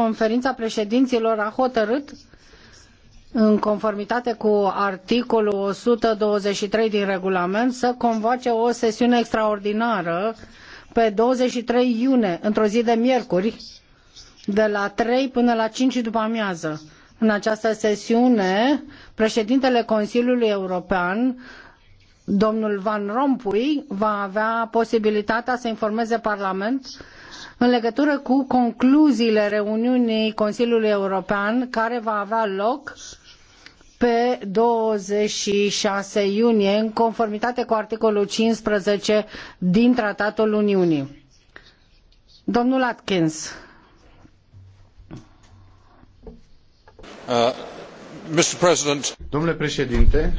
conferința președinților a hotărât în conformitate cu articolul 123 din regulament să convoace o sesiune extraordinară pe 23 iunie, într-o zi de miercuri, de la 3 până la 5 după amiază. În această sesiune, președintele Consiliului European domnul Van Rompuy va avea posibilitatea să informeze Parlamentul în legătură cu concluziile reuniunii Consiliului European care va avea loc pe 26 iunie în conformitate cu articolul 15 din Tratatul Uniunii. Domnul Atkins. Uh, Mr. President. Domnule președinte,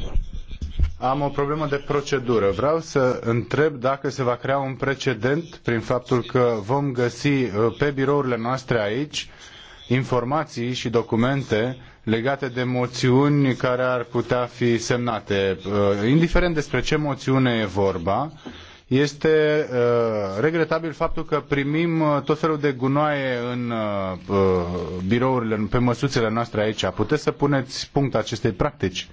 am o problemă de procedură. Vreau să întreb dacă se va crea un precedent prin faptul că vom găsi uh, pe birourile noastre aici informații și documente legate de moțiuni care ar putea fi semnate. Uh, indiferent despre ce moțiune e vorba, este uh, regretabil faptul că primim tot felul de gunoaie în birourile, pe măsuțele noastre aici. Puteți să puneți punct acestei practici?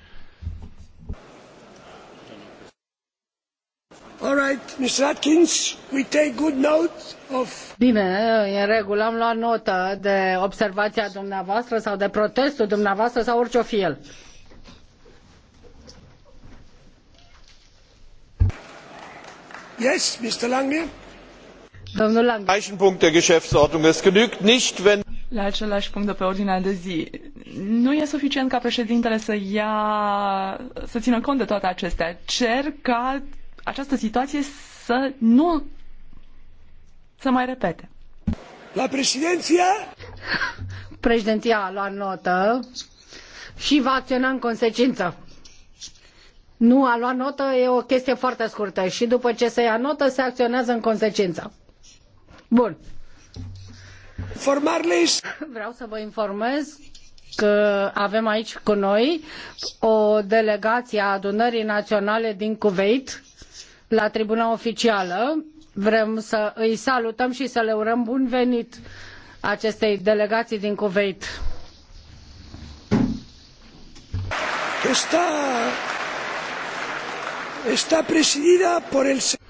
Bine, e în regulă, am luat notă de observaia dumneavoastră sau de protestul dumneavoastră sau orice o fi el. Yes, Mr. Lange. Domnul Lange. Gleichen Punkt der Geschäftsordnung. Es genügt nicht, wenn la același punct de pe ordinea de zi. Nu e suficient ca președintele să ia, să țină cont de toate acestea. Cer ca această situație să nu se mai repete. La președinția... Președinția a luat notă și va acționa în consecință. Nu, a luat notă e o chestie foarte scurtă și după ce se ia notă se acționează în consecință. Bun. Formarles. Vreau să vă informez că avem aici cu noi o delegație a adunării naționale din Kuwait la tribuna oficială. Vrem să îi salutăm și să le urăm bun venit acestei delegații din Kuwait. Está, está presidida por el